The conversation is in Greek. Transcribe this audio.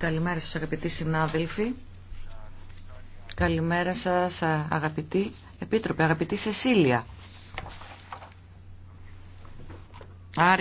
Καλημέρα σας αγαπητοί συνάδελφοι. Καλημέρα σας αγαπητοί επίτροπε, αγαπητοί Σεσίλια.